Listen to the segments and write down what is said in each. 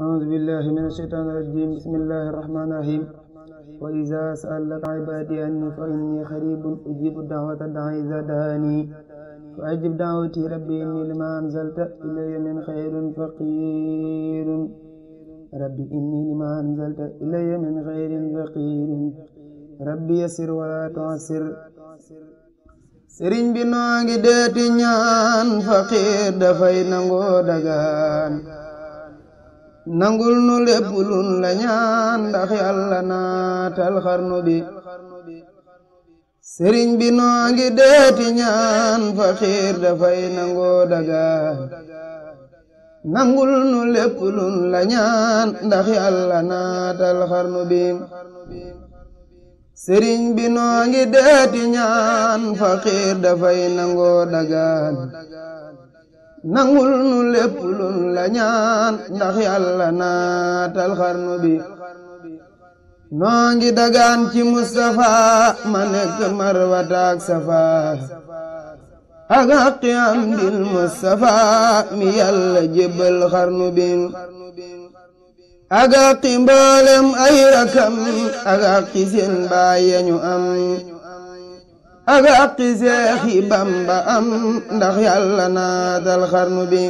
أعوذ بالله من الشيطان الرجيم بسم الله الرحمن الرحيم وإذا سألك عبادي عني فإني قريب أجيب الدعوة الداعي إذا دعاني فأجب دعوتي ربي إني لما أنزلت إلي من خير فقير ربي إني لما أنزلت إلي من خير فقير ربي يسر ولا تعسر sëriñ bi noo ngi deeti ñaan faqiir dafay nangoo dagaan nangul nu lépp lun la ñaan ndax yàlla naatal xarnu sëriñ bi noo nangoo dagaan xarnu bi sëriñ bi noo deeti ñaan faqiir dafay nangoo dagaan nangul nu lépp la ñaan ndax yàlla naatal xarnu bi noo ngi dagaan ci Mustafa ma nekk marwataak safa ak am dil Mustafa mi yàlla jébbal xarnu bi ak mboolem ay rakam ak seen baay yañu am ak aqi seexi bamba am ndax yàlla naa xarnu bi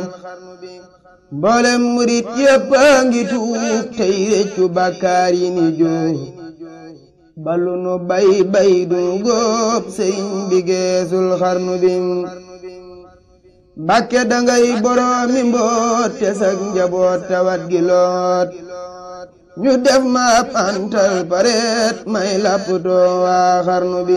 mboolem murit yépp ngi tuub tey réccu bàkkaar yi ni jooy balu nu bay bay du góob sëriñ geesul xarnu bi mbàkke dangay boroomi mboot te sag njaboot ñu def ma antal pareet may lapputoo xarnu bi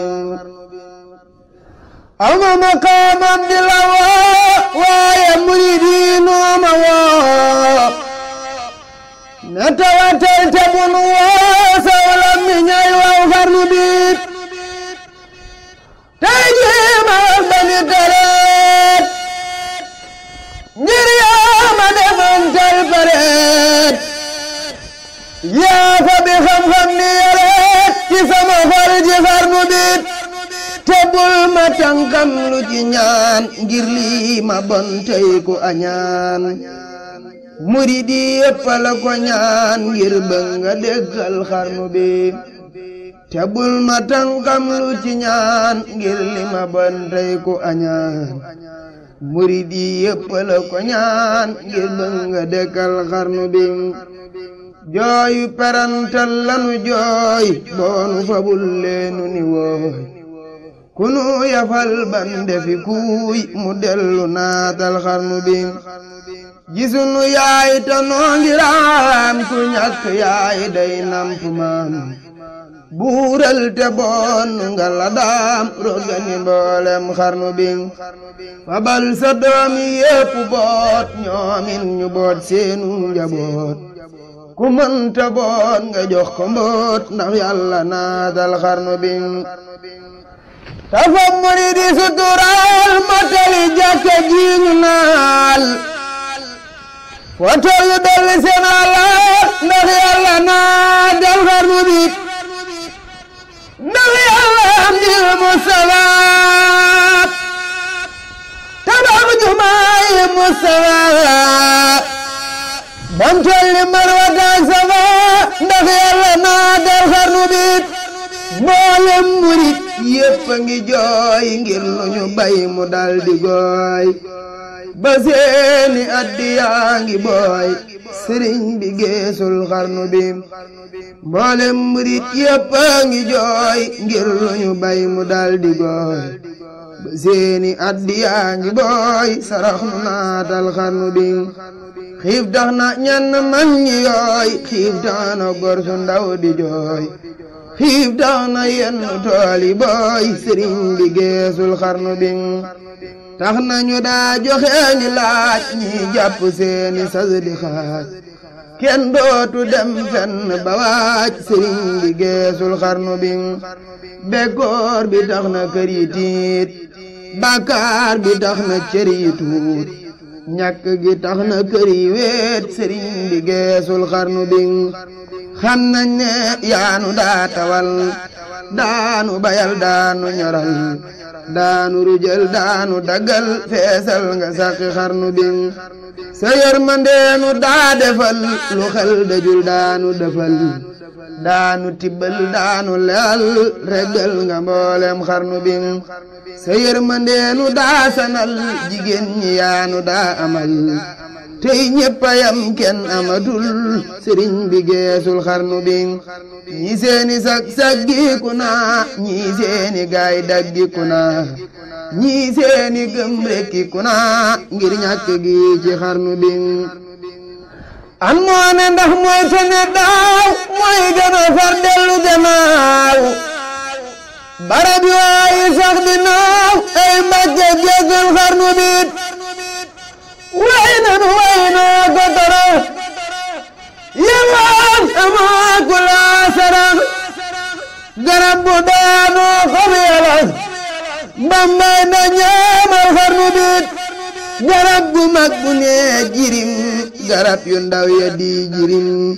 awma maqaamam di la woo waaye murid yi nooma woo na tawatal te bunu woo sawla mi ñay waw farlu biit tey jii ma bani deret ngir yaa ma demantal baret yaa bul ma tànkam lu ci ñaan ngir lii ma bon tey ku añaan murid yi yëpp ko ñaan ngir bëgg nga déggal xarnu bi te ma tànkam lu ci ñaan ngir li ma bon tey ku añaan murid yi yëpp ko ñaan ngir bëgg nga déggal xarnu bi jooyu perantal lanu jooy boonu fabul leenu ni wooy kunu yafal bande fi kuuy mu dellu naatal xarnu bi gisunu yaay ta noo ngi raam ku yaay day namp buural te boon nga la daam rogani mboolem xarnu bi fabal sa doomi yépp boot ñoomin ñu boot seenu njaboot ku mënta boot nga jox ko mboot ndax yàlla naatal xarnu bi dafa murid yi suturaal matali jàkka jiinu naal woto yu dolli seen alaat ndax yàlla naa del xarnu bi ndax yàlla amil mustafaat tabax jumaay mustafaat bam tolli marwa taag safa ndax yàlla naa del xarnu bi mboolem murid yépp a ngi jooy ngir lu ñu bay mu dal gooy ba addi yaa ngi booy sëriñ bi géesul xarnu bi mboolem murit yépp ngi jooy ngir lu ñu bay mu dal gooy ba addi yaa ngi booy sarax nu naatal xarnu bi xiif tax na ñenn man yooy xiif tax na gor ndaw di jooy xiif daw na yenn tool yi booy sëriñ bi xarnu bi tax nañu daa joxe ni laaj ñi jàpp seeni sas kenn dootu dem fenn ba waaj sëriñ bi xarnu bi bekkoor bi tax na kër yi tiit bàkkaar bi tax na cër yi ñàkk gi tax na kër yi weet sëriñ bi geesul xarnu bi xam nañ ne yaanu daa tawal daanu bayal daanu ñoral daanu rujal daanu daggal feesal nga sàqi xarnu bin sa yërmandeenu daa defal lu xel dajul daanu defal daanu tibbal daanu leal reggal nga mboolem xarnu bin sa yërmandeenu daa sanal jigéen ñi yaanu daa amal tey ñépp a yam kenn amatul sëriñ bi geesul xarnu bi ñi seeni sag saggiku naa ñi seeni gaay daggiku naa ñi seeni gëm rekkiku ngir ñàkk gi xarnu bi an moo ndax mooy sene daaw mooy a far dellu gannaaw barab yooyu sax di naaw ay mbàgge geesul xarnu bi وعيدا وعينا قدرا يمان أما كل سلام قرب دانو خبيلا بما نجام الخرن بيت قرب مكبني جرم قرب يندوي دي جرم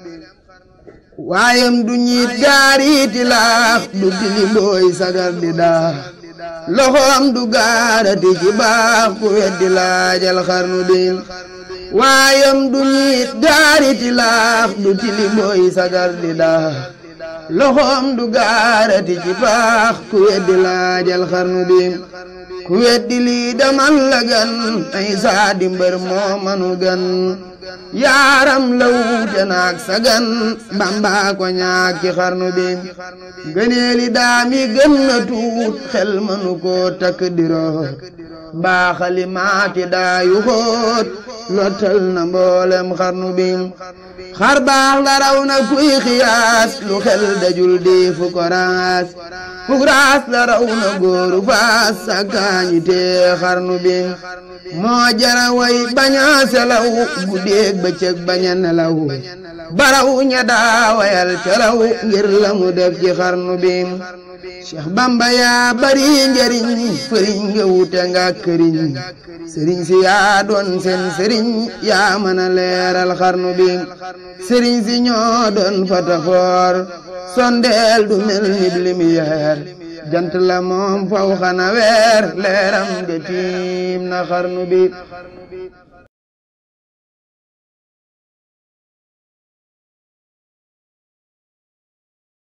waayam du ñiit gaariiti laaf du tilindooy sagar di daa loxoom du gaarati ci baax ku weddi laajal xarnu din waayam du ñiit gaariiti laaf du tilindooy sagar di daa loxoom du gaarati ci baax ku weddi laajal xarnu din ku weddi lii damal la gan ay saa di mbër gan yaaram la wuute naag sagan Bamba ñaag ci xarnu bi gëneeli daami gën na tuut xel mënu koo takk diroo a maati daa yu xóot lottal na mboolem xarnu bi xar baax la raw na kuy xiyaas lu xel dajul dee fu ko raas fuk raas la raw na góoru faas sakkaañi tee xarnu bi moo jara way baña selaw guddeeg bëccëg baña nelaw baraw ña daawayal caraw ngir la mu def ci xarnu bi Cheikh Bamba yaa bari njariñ fëriñ nga wute nga këriñ sëriñ si yaa doon seen sëriñ yaa mën leeral xarnu bi sëriñ si ñoo doon fatafoor sondeel du mel ni lumière jant la moom faw xana weer leeram de tiim na xarnu bi